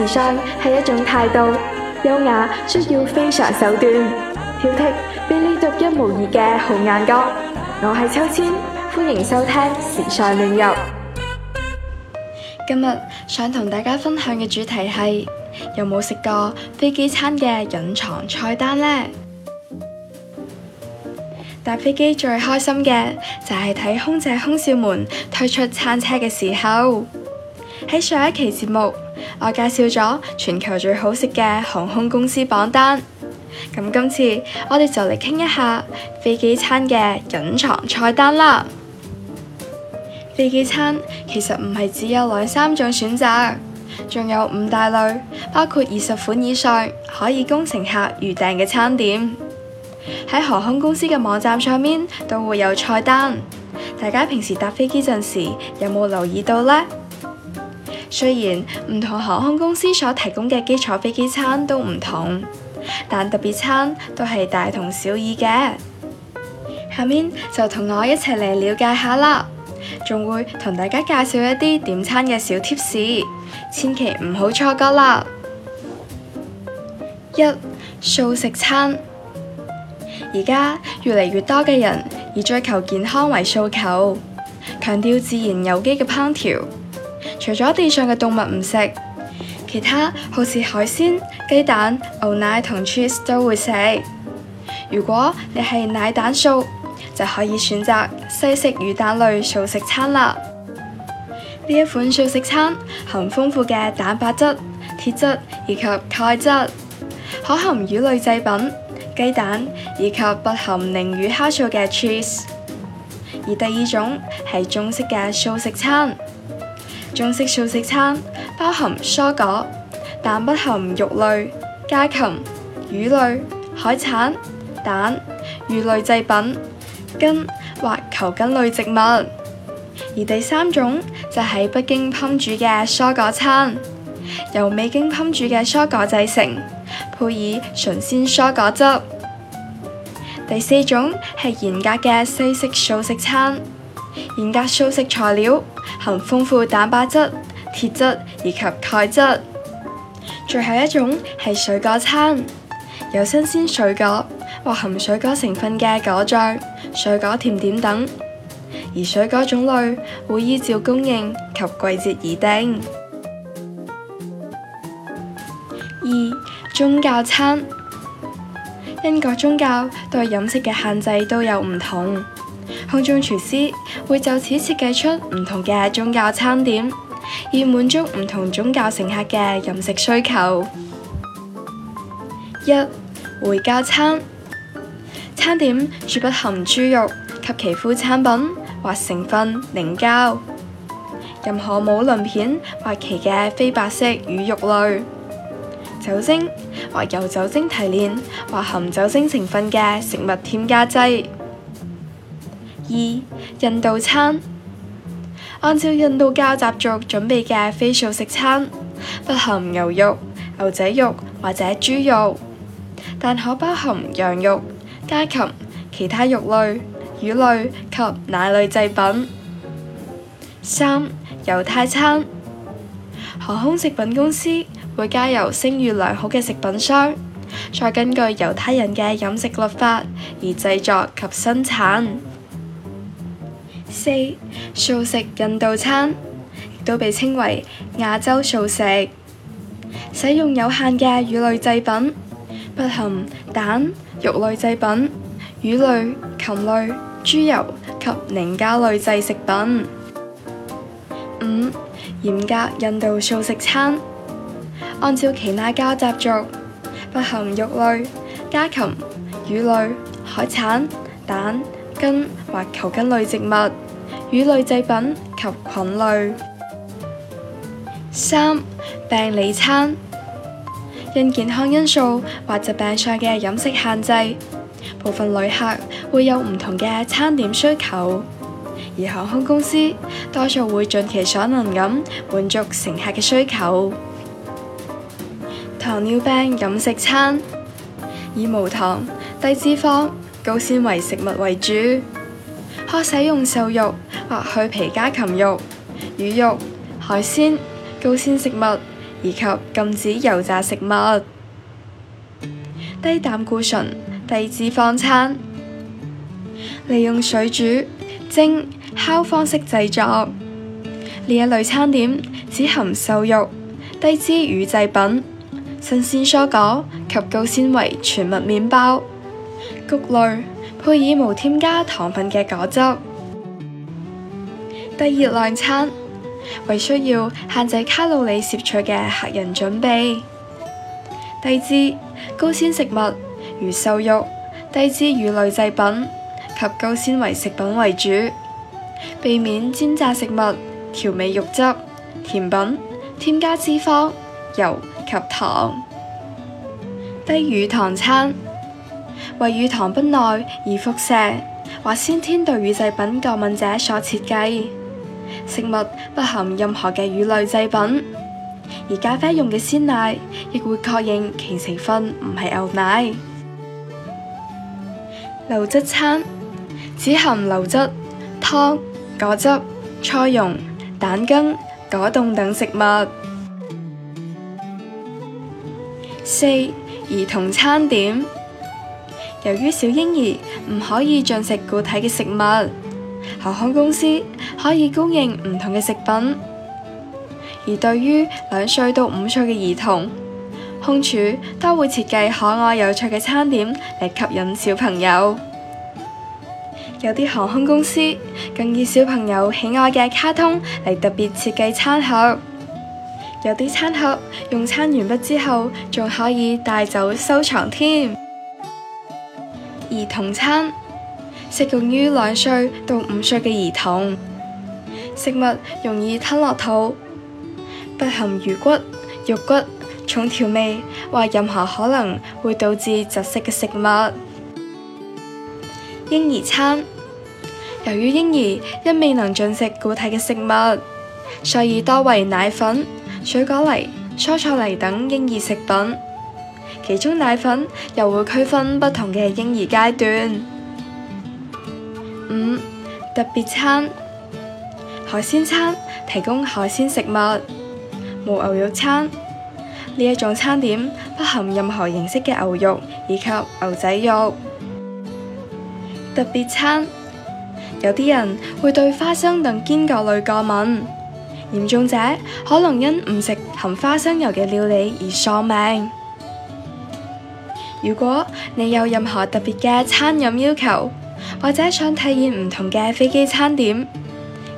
時尚係一種態度，優雅需要非常手段，挑剔俾你獨一無二嘅紅眼光。我係秋千，歡迎收聽時尚亂入。今日想同大家分享嘅主題係：有冇食過飛機餐嘅隱藏菜單呢？搭飛機最開心嘅就係睇空姐空少們推出餐車嘅時候。喺上一期節目。我介紹咗全球最好食嘅航空公司榜單，咁今次我哋就嚟傾一下飛機餐嘅隱藏菜單啦。飛機餐其實唔係只有兩三種選擇，仲有五大類，包括二十款以上可以供乘客預訂嘅餐點。喺航空公司嘅網站上面都會有菜單，大家平時搭飛機陣時有冇留意到呢？雖然唔同航空公司所提供嘅基礎飛機餐都唔同，但特別餐都係大同小異嘅。下面就同我一齊嚟了解下啦，仲會同大家介紹一啲點餐嘅小貼士，千祈唔好錯過啦！一、素食餐，而家越嚟越多嘅人以追求健康為訴求，強調自然有機嘅烹調。除咗地上嘅動物唔食，其他好似海鮮、雞蛋、牛奶同 cheese 都會食。如果你係奶蛋素，就可以選擇西式魚蛋類素食餐啦。呢一款素食餐含豐富嘅蛋白質、鐵質以及鈣質，可含魚類製品、雞蛋以及不含凝乳酵素嘅 cheese。而第二種係中式嘅素食餐。中式素食餐，包含蔬果，但不含肉類、家禽、魚類、海產、蛋、魚類製品、根或球根類植物。而第三種就係不經烹煮嘅蔬果餐，由未經烹煮嘅蔬果製成，配以純鮮蔬果汁。第四種係嚴格嘅西式素食餐。嚴格素食材料含豐富蛋白質、鐵質以及鈣質。最後一種係水果餐，有新鮮水果或含水果成分嘅果醬、水果甜點等。而水果種類會依照供應及季節而定。二、宗教餐，因各宗教對飲食嘅限制都有唔同。空中廚師會就此設計出唔同嘅宗教餐點，以滿足唔同宗教乘客嘅飲食需求。一、回教餐，餐點絕不含豬肉及其副產品或成分凝膠、任何冇鱗片或其嘅非白色魚肉類、酒精或由酒精提煉或含酒精成分嘅食物添加劑。二、印度餐，按照印度教習俗準備嘅非素食餐，不含牛肉、牛仔肉或者豬肉，但可包含羊肉、家禽、其他肉類、魚類及奶類製品。三、猶太餐，航空食品公司會交由聲譽良好嘅食品商，再根據猶太人嘅飲食律法而製作及生產。四素食印度餐亦都被稱為亞洲素食，使用有限嘅乳類製品，不含蛋、肉類製品、魚類、禽類、豬油及凝膠類製食品。五嚴格印度素食餐，按照耆那教習俗，不含肉類、家禽、魚類、海產、蛋、根或球根類植物。乳類製品及菌類。三、病理餐，因健康因素或疾病上嘅飲食限制，部分旅客會有唔同嘅餐點需求，而航空公司多數會盡其所能咁滿足乘客嘅需求。糖尿病飲食餐以無糖、低脂肪、高纖維食物為主。可使用瘦肉或去皮家禽肉、魚肉、海鮮、高纖食物，以及禁止油炸食物。低膽固醇、低脂肪餐，利用水煮、蒸、烤方式製作。另一類餐點只含瘦肉、低脂乳製品、新鮮蔬果及高纖維全麥麵包、穀類。配以無添加糖分嘅果汁。低熱量餐為需要限制卡路里攝取嘅客人準備。低脂高纖食物如瘦肉、低脂乳類製品及高纖維食品為主，避免煎炸食物、調味肉汁、甜品、添加脂肪油及糖。低乳糖餐。為乳糖不耐而腹瀉或先天對乳製品過敏者所設計，食物不含任何嘅乳類製品，而咖啡用嘅鮮奶亦會確認其成分唔係牛奶。流質餐只含流質、湯、果汁、菜蓉、蛋羹、果凍等食物。四兒童餐點。由於小嬰兒唔可以進食固體嘅食物，航空公司可以供應唔同嘅食品。而對於兩歲到五歲嘅兒童，空廚都會設計可愛有趣嘅餐點嚟吸引小朋友。有啲航空公司更以小朋友喜愛嘅卡通嚟特別設計餐盒。有啲餐盒用餐完畢之後，仲可以帶走收藏添。兒童餐，適用於兩歲到五歲嘅兒童，食物容易吞落肚，不含魚骨、肉骨、重調味或任何可能會導致窒息嘅食物。嬰兒餐，由於嬰兒因未能進食固體嘅食物，所以多為奶粉、水果泥、蔬菜泥等嬰兒食品。其中奶粉又會區分不同嘅嬰兒階段。五、特別餐：海鮮餐提供海鮮食物，無牛肉餐呢種餐點不含任何形式嘅牛肉以及牛仔肉。特別餐有啲人會對花生等堅果類過敏，嚴重者可能因唔食含花生油嘅料理而喪命。如果你有任何特別嘅餐飲要求，或者想體驗唔同嘅飛機餐點，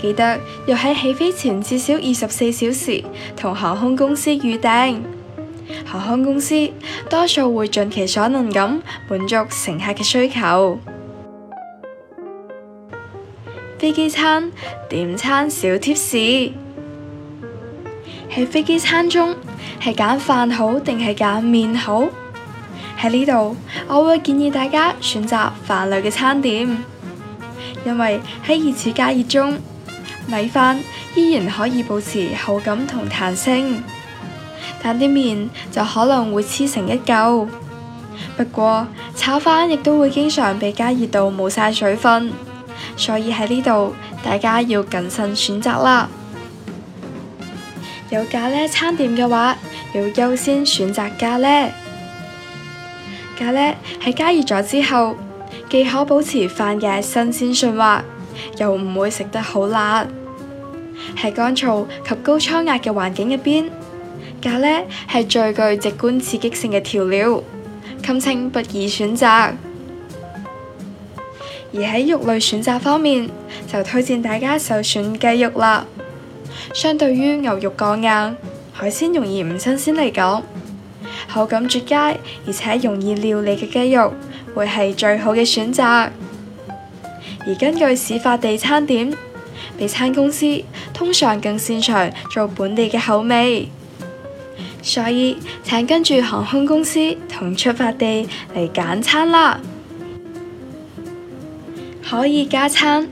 記得要喺起飛前至少二十四小時同航空公司預定。航空公司多數會盡其所能咁滿足乘客嘅需求。飛機餐點餐小貼士：喺飛機餐中，係揀飯好定係揀麵好？喺呢度，我會建議大家選擇飯類嘅餐點，因為喺二次加熱中，米飯依然可以保持口感同彈性，但啲麵就可能會黐成一嚿。不過炒飯亦都會經常被加熱到冇晒水分，所以喺呢度大家要謹慎選擇啦。有咖喱餐點嘅話，要優先選擇咖喱。咖喱喺加熱咗之後，既可保持飯嘅新鮮順滑，又唔會食得好辣。喺乾燥及高艙壓嘅環境入邊，咖喱係最具直觀刺激性嘅調料，堪稱不二選擇。而喺肉類選擇方面，就推薦大家首選雞肉啦。相對於牛肉過硬，海鮮容易唔新鮮嚟講。口感絕佳，而且容易料理嘅雞肉會係最好嘅選擇。而根據始發地餐點，比餐公司，通常更擅長做本地嘅口味，所以請跟住航空公司同出發地嚟揀餐啦。可以加餐，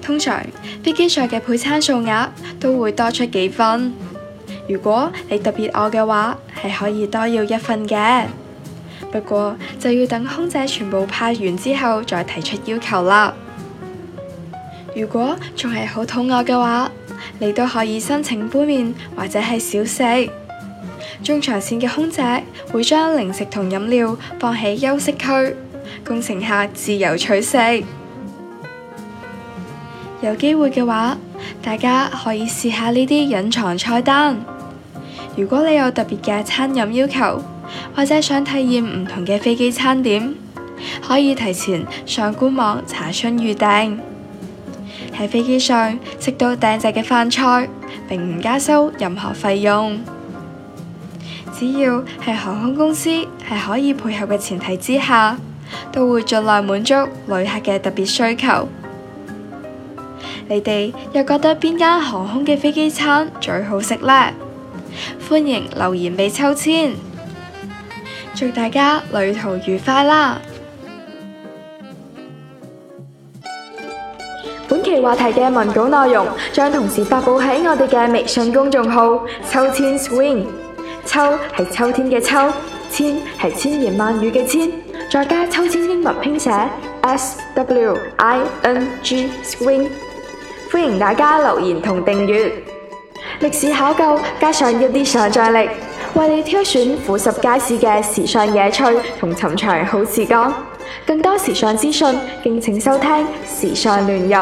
通常飛機上嘅配餐數額都會多出幾分。如果你特別餓嘅話，係可以多要一份嘅，不過就要等空姐全部派完之後再提出要求啦。如果仲係好肚餓嘅話，你都可以申請杯麵或者係小食。中長線嘅空姐會將零食同飲料放喺休息區，供乘客自由取食。有機會嘅話，大家可以試下呢啲隱藏菜單。如果你有特別嘅餐飲要求，或者想體驗唔同嘅飛機餐點，可以提前上官網查詢預訂。喺飛機上食到訂製嘅飯菜，並唔加收任何費用。只要係航空公司，係可以配合嘅前提之下，都會盡量滿足旅客嘅特別需求。你哋又覺得邊間航空嘅飛機餐最好食呢？歡迎留言俾秋千。祝大家旅途愉快啦！本期話題嘅文稿內容將同時發佈喺我哋嘅微信公眾號“秋千 swing”，「秋」係秋天嘅「秋」，「千」係千言萬語嘅「千」，再加秋千英文拼寫 S W I N G swing，歡迎大家留言同訂閱。歷史考究加上一啲想象力，為你挑選俯拾街市嘅時尚野趣同尋常好時光。更多時尚資訊，敬請收聽《時尚亂入》。